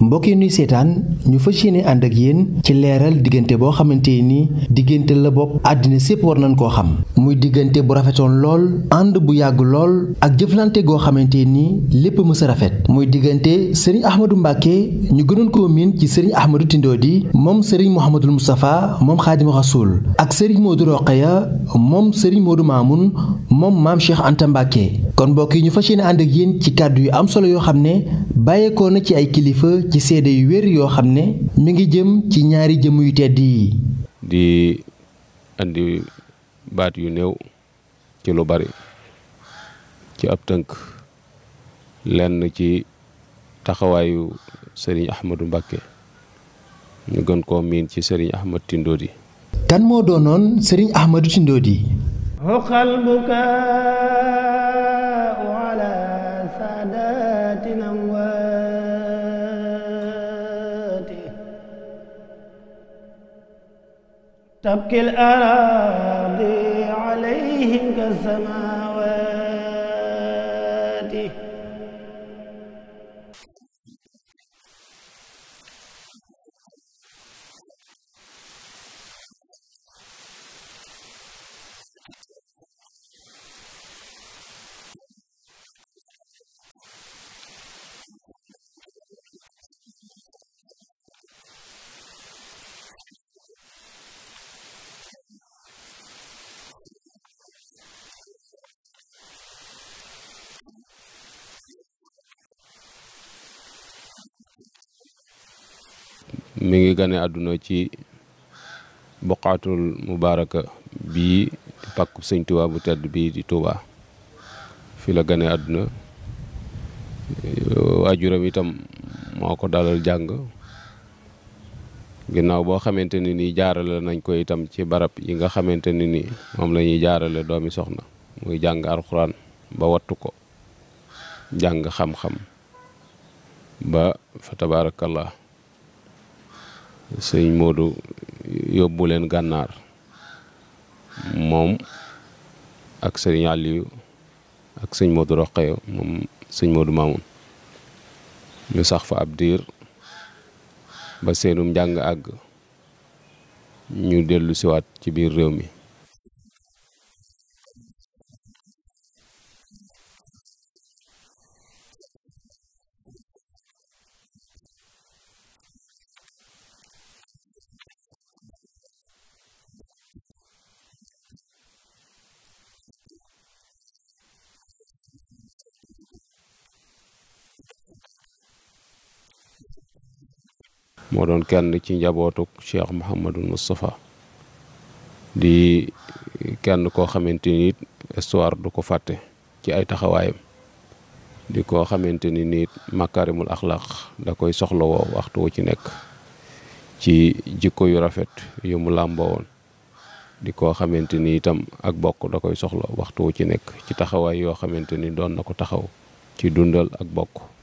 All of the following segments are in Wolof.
mbokk yi nuy seetaan ñu fas yéene ànd ak yéen ci leeral diggante boo xamante ni diggante la bopp àddina sépp war nañ koo xam muy diggante bu rafetoon lool ànd bu yàgg lool ak jëflante goo xamante ni lépp mës a rafet muy diggante sëriñ Ahmadou Mbacke ñu gënoon koo miin ci sëriñ Ahmadou Tindodi moom sëriñ Mouhamadul Moustapha moom Xaadimu Rasuul ak sëriñ Modou Roqeya moom sëriñ Modou Mamoun moom maam Cheikh Anta Mbacke kon mbokk yi ñu fa yéene ànd ak yéen ci kàddu yu am solo yoo xam ne bàyyeekoo na ci ay kilifa. wér ci seede yu wér yoo xam ne mu ngi jëm ci ñaari jëm yu tedd yi. di andi baat yu néew ci lu bari ci ab tënk lenn ci taxawaayu sëriñ Ahmadu Mbàkke ñu gën koo miin ci sëriñ Ahmad Tindodi. kan moo doonoon sëriñ Ahmadu Tindodi. تبكي الأراضي عليهم كالزمان mi ngi gane aduna ci buqatul mubaaraka bii di pàkku seigne touba bu tedd bii di touba fi la gane aduna wajuram itam moko ko dalal jang ginnaaw bo xamanteni ni jaarale nañ ko itam ci barab yi nga xamanteni ni mom la jaarale doomi soxna muy jang alquran ba wattu ko jang xam-xam ba fa tabarakallah sëñ Modou yóbbu leen gànnaar moom ak sëñ Aliou ak sëñ Modou Roqeyo moom sëñ Modou Mamoun ñu sax fa ab diir ba seenum njàng àgg ñu dellu siwaat ci biir réew mi moo doon kenn ci njabootuk Cheikh Mouhamadul Moustapha di kenn koo xamante ni it histoire du ko fàtte ci ay taxawaayam di koo xamante ni nit makarimul axlaq da koy soxla woo waxtu wu ci nekk ci jikko yu rafet yu mu làmboo woon di koo xamante ni itam ak bokk da koy soxla waxtu wu ci nekk ci taxawaay yoo xamante ni doon na ko taxaw ci dundal ak bokk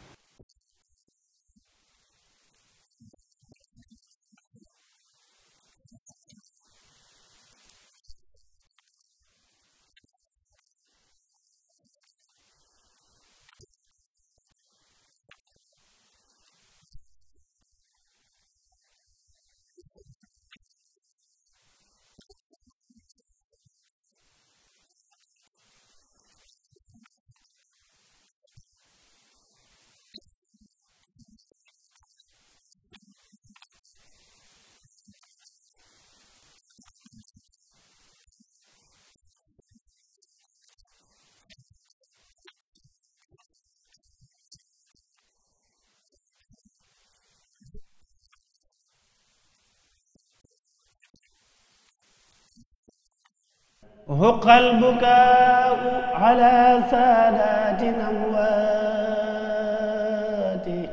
هق البكاء على سادات أمواتي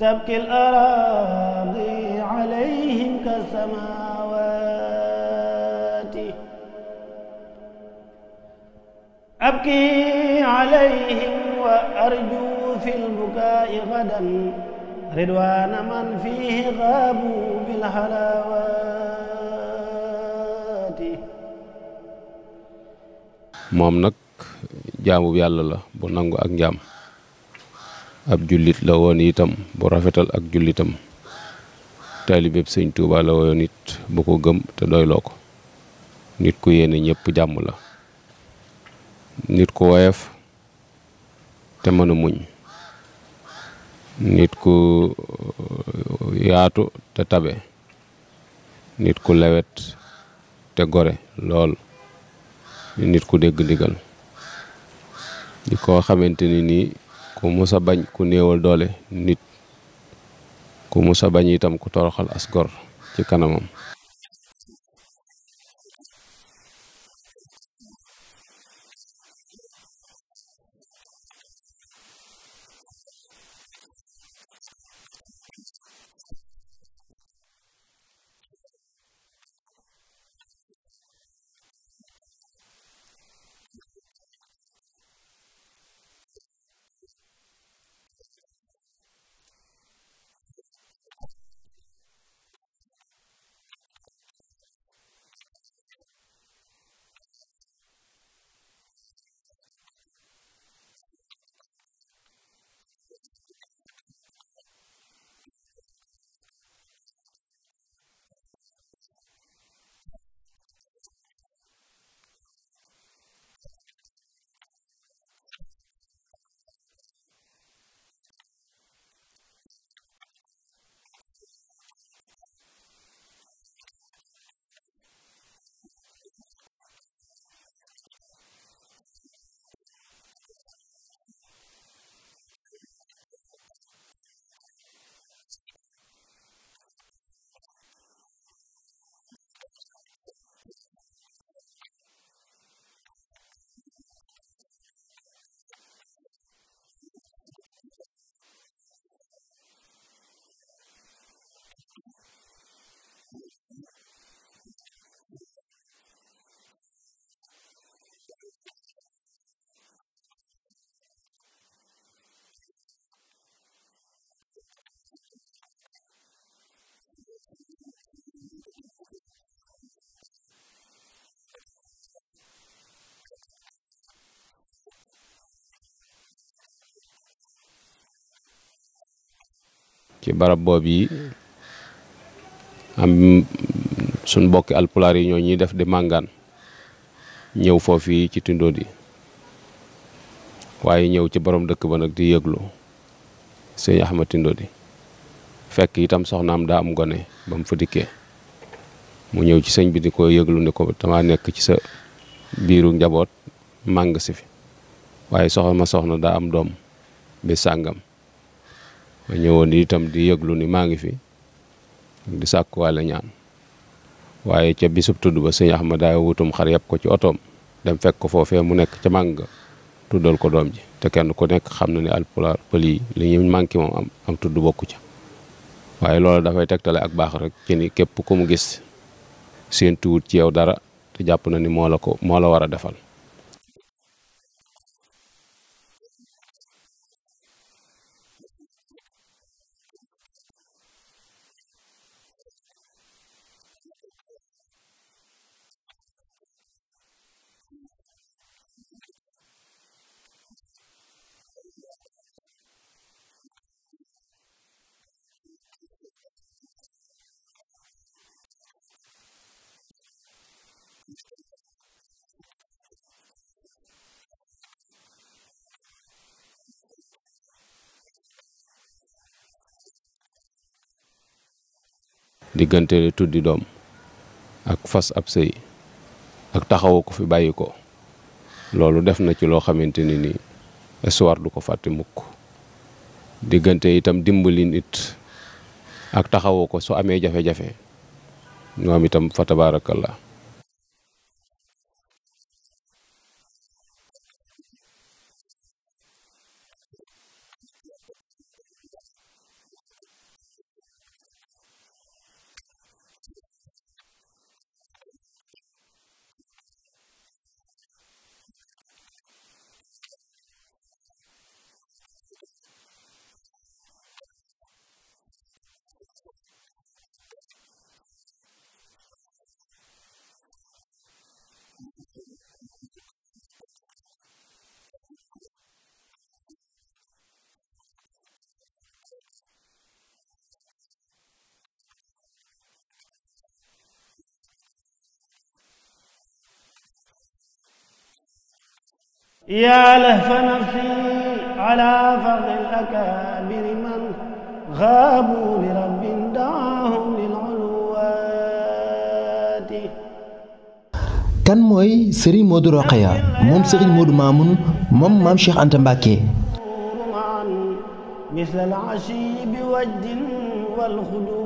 تبكي الأراضي عليهم كالسماوات أبكي عليهم وأرجو في البكاء غدا رضوان من فيه غابوا بالحلاوات moom nag jaamu yàlla la bu nangu ak njaam ab jullit la woon itam bu rafetal ak jullitam taalibeb sëñ Tuuba la woon it bu ko gëm te doyloo ko nit ku yéene ñëpp jàmm la nit ku woyof te mën muñ nit ku uh, yaatu te tabe nit ku lewet te gore lool nit ku dégg ndigal di koo xamante ni nii ku musa bañ ku néewal doole nit ku musa bañ itam ku toroxal as ci kanamam ci barab boobu yi am suñ mbokki alpulaar yi ñoo ñuy def di màngaan ñëw foofu ci Tindodi waaye ñëw ci borom dëkk ba nag di yëglu sëñ Ahmad Tindodi fekk itam soxnaam daa am gone ba fa dikkee mu ñëw ci sëñ bi di ko yëglu ne ko dama nekk ci sa biiru njaboot màng si fi waaye soxna soxna daa am doom bi sàngam Ya ma di itam di yeglu ni maangi fi di wala ñaan waye ci bisub tuddu ba Ahmad ay wutum xar yeb ko ci otoom dem fekk ko fofé mu nek ci mang tuddal ko dom ji te kenn ku nek xamna ni al li ñu manki mom am am tuddu bokku ca waaye loolu fay tektale ak bax rek ci ni kep ku mu gis seen tuut ci yow dara te japp na ni mo la ko mo la wara defal diggante tuddi doom ak fas ab sëy ak taxawu ko fi bàyyi ko loolu def na ci loo xamante ni nii du ko fàtte mukk diggante itam dimbali it ak taxawu ko soo amee jafe-jafe ñoom itam fa tabaarakallah يا لهف نفسي على فرض الأكابر من غابوا لرب دعاهم للعلوات كان موي سري مود رقيا موم سري مود مامون موم مام شيخ أنت مباكي مثل العشي والجن والخدود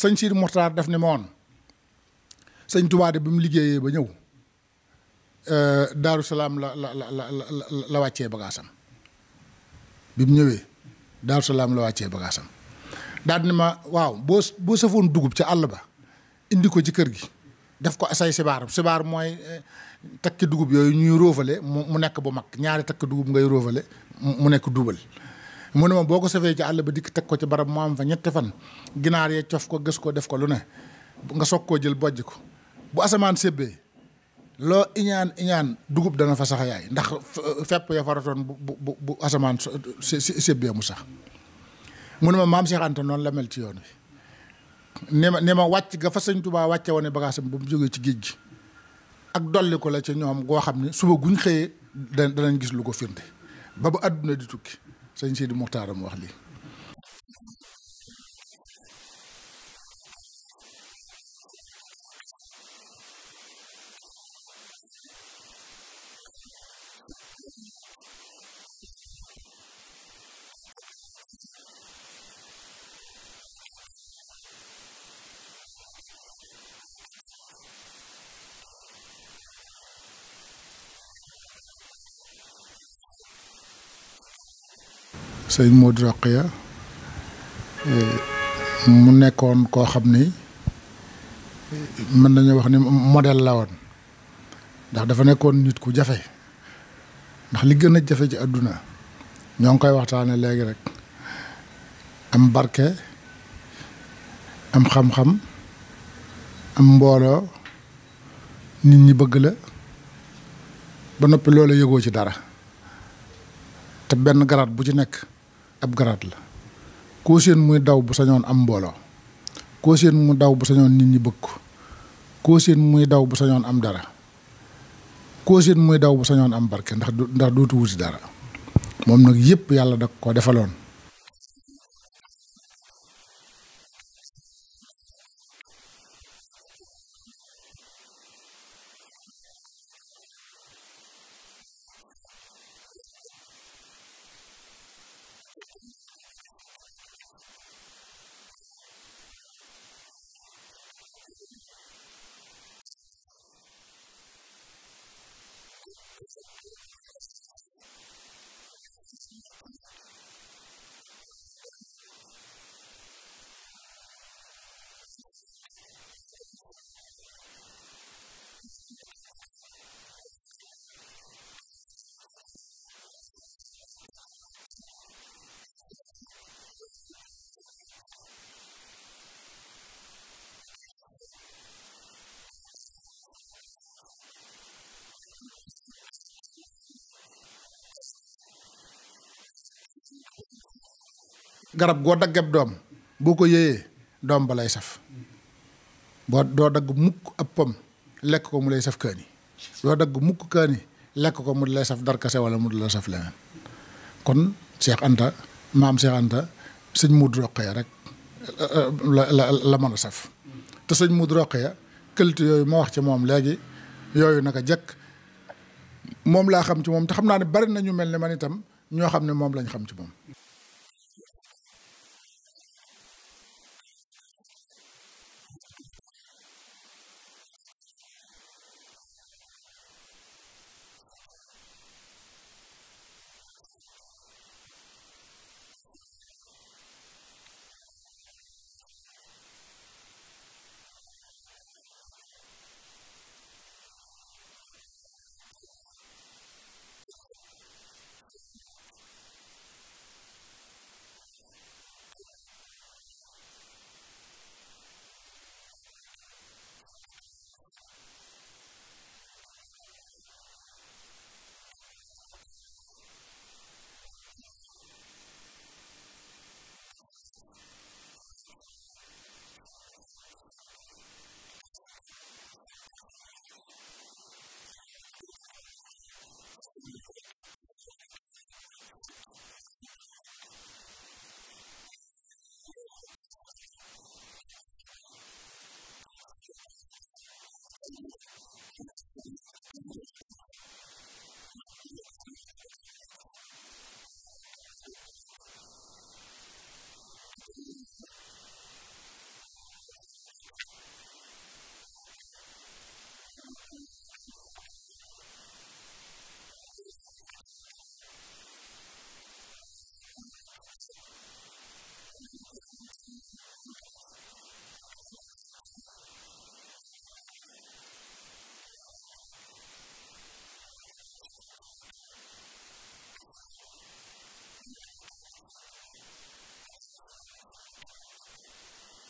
sëñ Sidi Moxtaar def ni moon sëñ Tuubaa bi mu liggéeyee ba ñëw euh, Daaru Salaam la la la la wàccee bagaasam bi mu ñëwee Daaru Salaam la wàccee bagaasam daal ma waaw boo boo safoon dugub ci àll ba indi ko ci kër gi def ko asay sibaar sibaar mooy eh, takki dugub yooyu ñuy róofale mu nekk bu mag ñaari takk dugub ngay róofale mu nekk duubal mu ne ma boo ko safee ci àll ba dikk teg ko ci barab mu am fa ñetti fan ginaar yee cof ko gës ko def ko lu ne nga soog koo jël bojj ko bu asamaan sébbee loo iñaan iñaan dugub dana fa yaay ndax fepp ya faratoon bu bu bu asamaan sébbee mu sax mu ne ma maam Cheikh noonu la mel ci yoon wi ne ma ne ma wàcc ga fa sëñ Tuubaa wàcce woon bagaasam bu mu jógee ci géej gi ak dolli ko la ci ñoom goo xam ne suba guñ xëyee danañ gis lu ko firnde ba ba àdduna di tukki sëñ Sidi Muxtaar am wax sëñ Modou Rokhaya eh, mu nekkoon koo xam ni mën nañu wax ni modèle la woon ndax dafa nekkoon nit ku jafe ndax li gën a jafe ci àdduna ñoo ngi koy waxtaane léegi rek am barke am xam-xam am mbooloo nit ñi bëgg la ba noppi loolu yëgoo ci dara te benn garaat bu ci nekk ab garaat la koo seen muy daw bu sañoon am mbooloo koo seen mu daw bu sañoon nit ñi bëgg ko koo seen muy daw bu sañoon am dara koo seen muy daw bu sañoon am barke ndax ndax dootu wuti dara moom nag yëpp yàlla da ko defaloon garab goo daggeb doom boo ko yéyee doom ba lay saf boo doo dagg mukk ab pom lekk ko mu lay saf kaani doo dagg mukk kaani lekk ko mu lay saf darkase wala mu la saf leneen kon Cheikh Anta maam Cheikh Anta sëñ Modou ya rek euh, la la la mën a saf te sëñ Modou ya këltu yooyu ma wax ci moom léegi yooyu naka jekk moom laa xam ci moom te xam naa ne bari na ñu mel ne man itam ñoo xam ne moom lañ xam ci moom.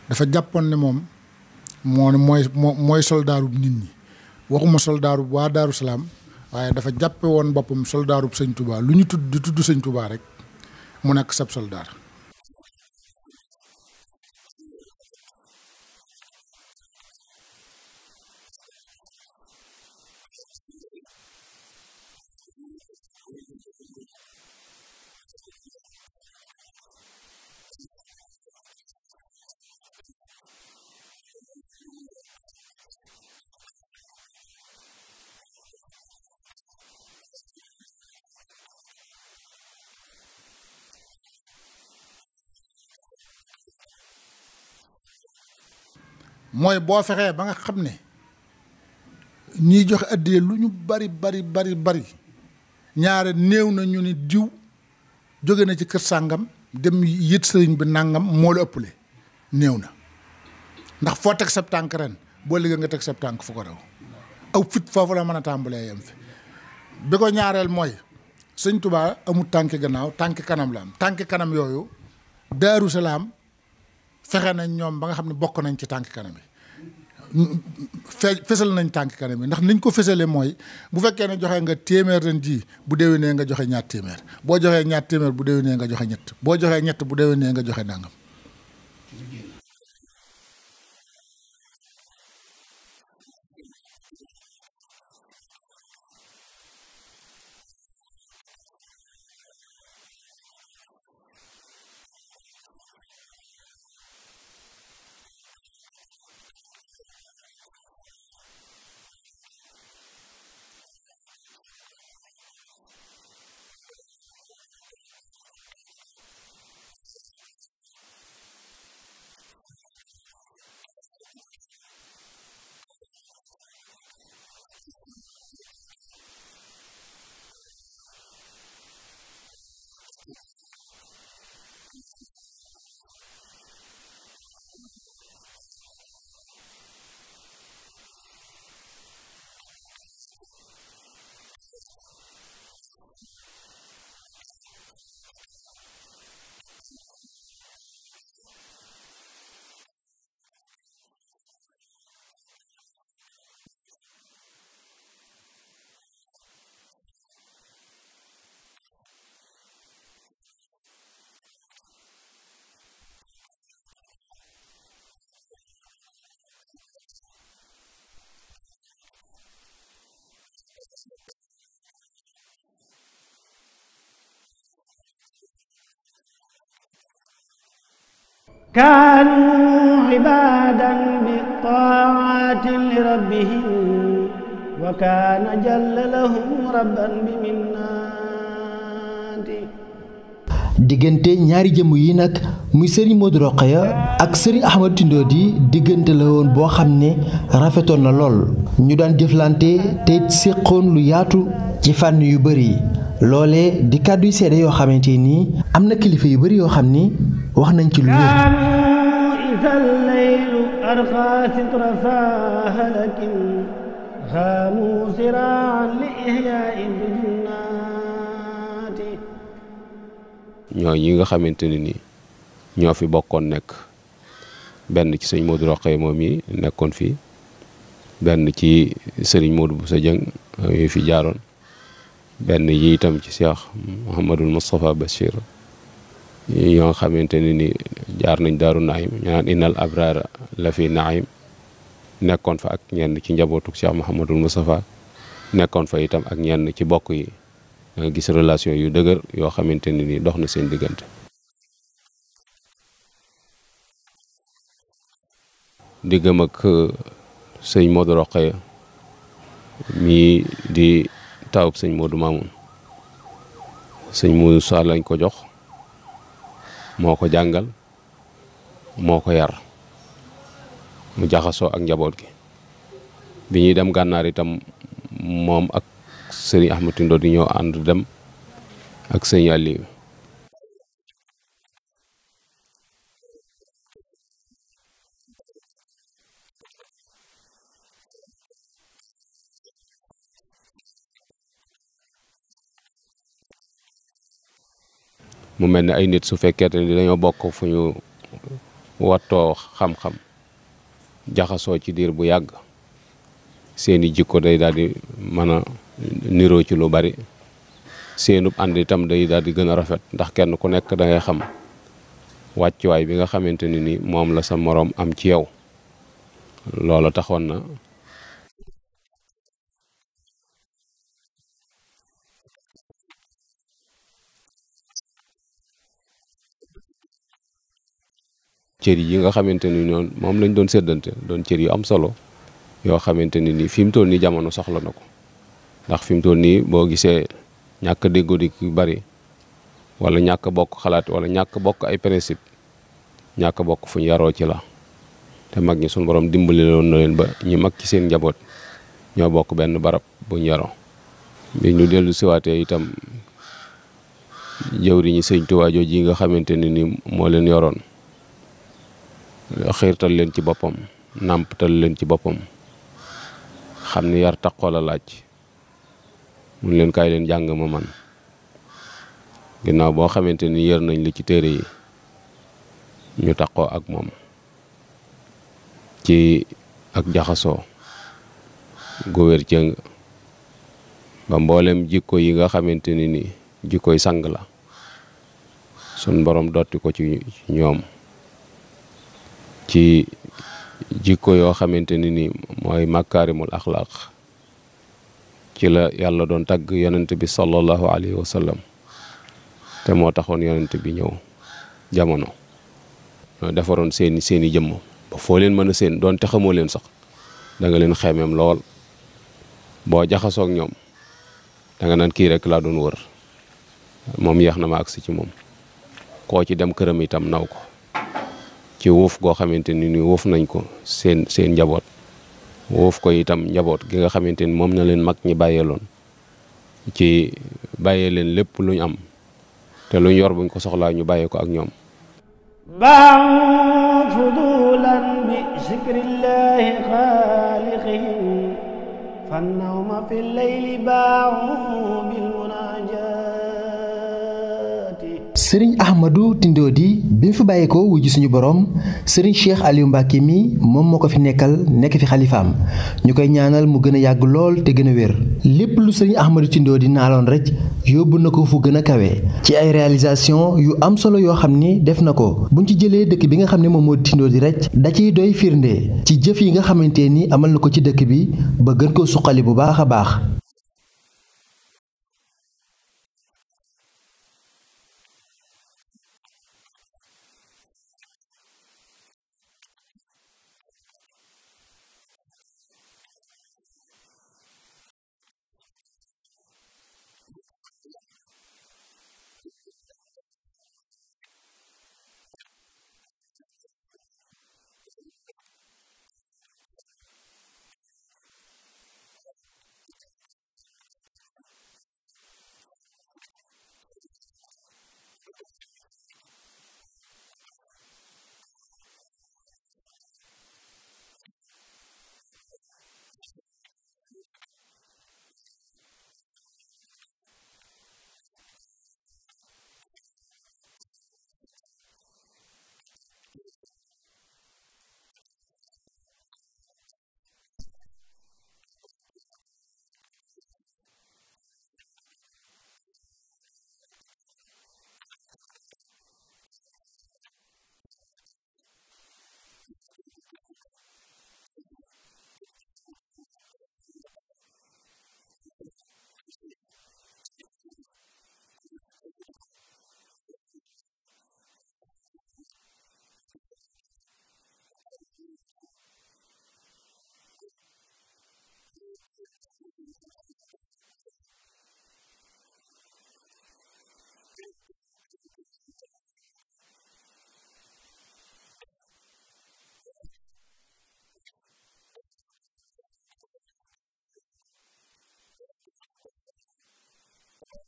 dafa jàppoon ne moom moo ne mooy mooy soldaarub nit ñi waxuma soldaarub waa Daaru Salaam waaye dafa jàppe woon boppam soldaarub sëñ Touba lu ñu tudd di tudd sëñ Touba rek mu nekk sab soldaar mooy boo fexee ba nga xam ne ñiy joxe addiya lu ñu bari bari bari bari ñaare néew na ñu ni diw jóge na ci kër sàngam dem yët sëriñ bi nàngam moo la ëppale néew na ndax foo teg sab tànk ren boo liggéey nga teg sab tànk fu ko raw aw fit foofu la mën a tàmbalee yam fi bi ko ñaareel mooy sëñ Tuubaa amul tànki gannaaw tànki kanam la am tànki kanam yooyu daaru salaam fexe nañ ñoom ba nga xam ne bokk nañ ci tànk kanam yi fe fesal nañ tànk kanam yi ndax niñ ko fesalee mooy bu fekkee ne joxe nga téeméer ren jii bu nee nga joxe ñaar téeméer boo joxee ñaar téeméer bu nee nga joxe ñett boo joxee ñett bu nee nga joxe dàngam kaanu ibaadan bi taatin li rabbihim wa kaana jalla lahum rabban bi minnaati diggante ñaari jëmm yi nag muy sëriñ Modou Rokhaya ak sëriñ Ahmad Tindodi diggante la woon boo xam ne rafetoon na lool ñu daan jëflante te séqoon lu yaatu ci fànn yu bari loole di kàddu yu seede yoo xamante nii am na kilifa yu bari yoo xam ni wax nañ ci lu wér خانوا سراعا لإحياء الجنات ñoo yi nga xamante ne ni ñoo fi bokkoon nekk benn ci sëñ Modou Roqe moom yi nekkoon fii benn ci sëriñ Modou Boussa Dieng yooyu fi jaaroon benn yi itam ci Cheikh Mouhamadul Moustapha Bachir yoo nga xamante ne ni jaar nañ daaru naim ñu naan abrara la fi nekkoon fa ak ñenn ci njabootu Cheikh Mouhamadul Moustapha nekkoon fa itam ak ñenn ci bokk yi da gis relation yu dëgër yoo xamante ne ni dox na seen diggante diggam ak uh, sëñ Modou Rokhaya mii di taawub sëñ moodu Mamoun sëñ Modou Sall lañ ko jox moo ko jàngal moo ko yar mu jaxasoo ak njaboot gi bi ñuy dem gànnaar itam moom ak sëriñ Ahmad Tindo du ñoo ànd dem ak sëriñ Aliou mu mel ni ay nit su fekkee ne dañoo bokk fu ñu wattoo xam-xam jaxasoo ci diir bu yàgg seeni jikko day daal di mën a niroo ci lu bari seenub ànd itam day daal di gën a rafet ndax kenn ku nekk dangay xam wàccuwaay bi nga xamante ne ni moom la sa moroom am ci yow loolu taxoon na cër yi nga xamante ni ñoom moom lañ doon séddante doon cër yu am solo yoo xamante ni nii fi mu toll nii jamono soxla na ko ndax fi mu toll nii boo gisee ñàkk a déggoo di yu bari wala ñàkk bokk xalaat wala ñàkk bokk ay principe ñàkk bokk fu ñu yaroo ci la te mag ñi suñu borom dimbali loon na leen ba ñi mag ci seen njaboot ñoo bokk benn barab buñ ñu yaroo bi ñu dellu siwaatee itam jëwriñu sëñ Tuubaa jooju yi nga xamante ne ni moo leen yoroon xiirtal leen ci boppam nàmpatal leen ci bopam xamni yar taqoo la laaj mun leen kay leen jang ma man ginaaw bo xamanteni yeer nañ li ci téré yi ñu taqoo ak mom ci ak jaxaso gu wér ba mbollem jikko yi nga xamanteni ni jikko sang la sun borom dotti ko ci ñom ci jikko yo xamanteni ni moy makarimul akhlaq ci la yalla don tag yonent bi sallallahu alaihi wasallam te mo taxone yonent bi ñew jamono defaron seen seni seni ba fo leen mëna seen don te xamoo leen sax da nga leen xemeem lool jaxaso ak ñom da nga nan ki rek la doon wër mom yeex na ma ci mom ko ci dem kërëm itam naw ko ci wuuf goo xamante ni ni wuuf nañ ko seen seen njaboot wuuf ko itam njaboot ki nga xamante ni moom na leen mag ñi bàyyeeloon ci bàyyee leen lépp luñ am te lu ñu yor buñ ko soxlaa ñu bàyyee ko ak ñoom baa fudulan bi zikrillahi xaalixihim fannawma fi leyli baa bi sëriñ Ahmadou Tindodi bi mu fi bàyyeekoo wuy ji suñu borom sëriñ Cheikh Aliou Mbacke mi moom moo ko fi nekkal nekk fi xalifaam ñu koy ñaanal mu gën a yàgg lool te gën a wér lépp lu sëriñ Ahmadou Tindodi naaloon rek yóbbu na ko fu gën a kawe ci ay réalisation yu am solo yoo xam ni def na ko buñ ci jëlee dëkk bi nga xam ne moom moo Tindodi rek da ciy doy firnde ci jëf yi nga xamante ni amal na ko ci dëkk bi ba gën koo suqali bu baax a baax.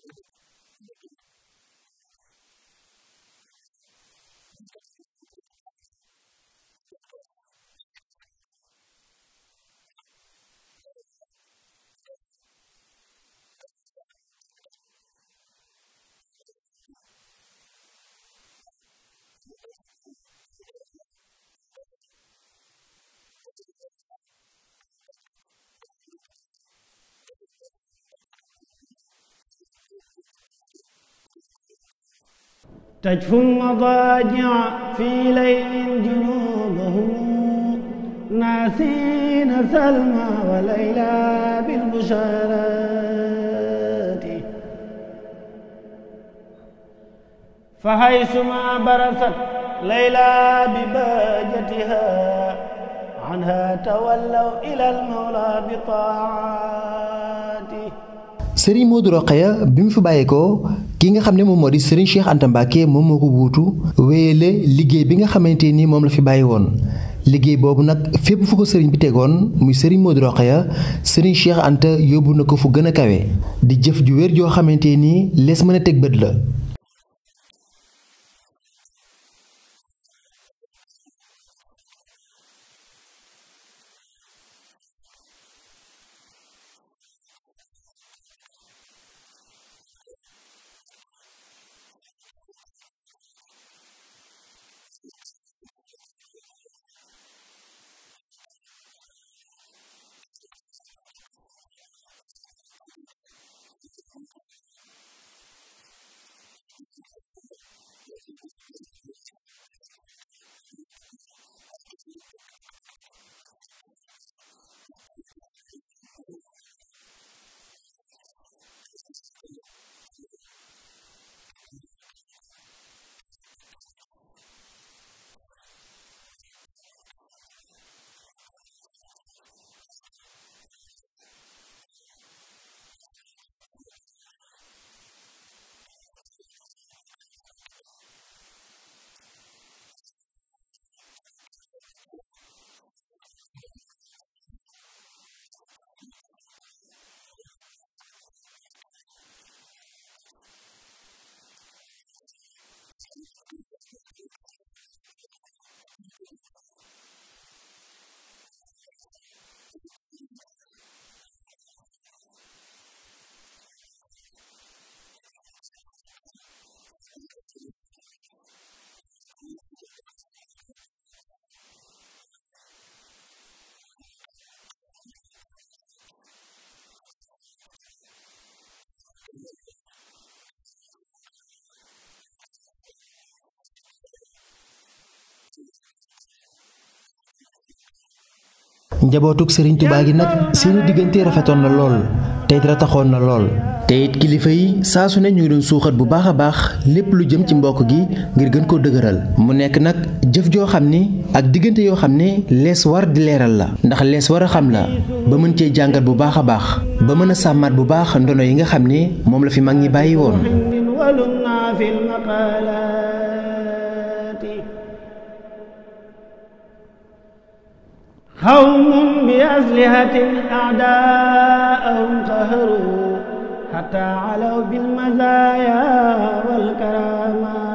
Thank you. تجفو المضاجع في ليل جنوبه ناسين سلمى وليلى بالبشارات فحيثما برست ليلى بباجتها عنها تولوا إلى المولى بطاعاته سري مودو رقية بمشو بايكو kii nga xam ne moom moo di Serigne Cheikh Anta Mbacke moom moo ko wuutu wéyale liggéey bi nga xamante nii moom la fi bàyyi woon liggéey boobu nag fépp fu ko sëriñ bi tegoon muy sëriñ Modou Rokhaya sëriñ Cheikh Anta yóbbu na ko fu gën a kawe di jëf ju wér joo xamante nii lees mën a teg bët la njabootug sëriñ tubaa gi nag seeni diggante rafetoon na lool te it rataxoon na lool te it kilifa yi saa su ne ñu ngi doon suuxat bu baax a baax lépp lu jëm ci mbokk gi ngir gën koo dëgëral mu nekk nag jëf joo xam ni ak diggante yoo xam ne lees war di leeral la ndax lees war a xam la ba mën cee jàngat bu baax a baax ba mën a sàmmaat bu baax ndono yi nga xam ne moom la fi mag ñi bàyyi woon هوم بأسلحة أعداءهم قهروا حتى علوا بالمزايا والكرامات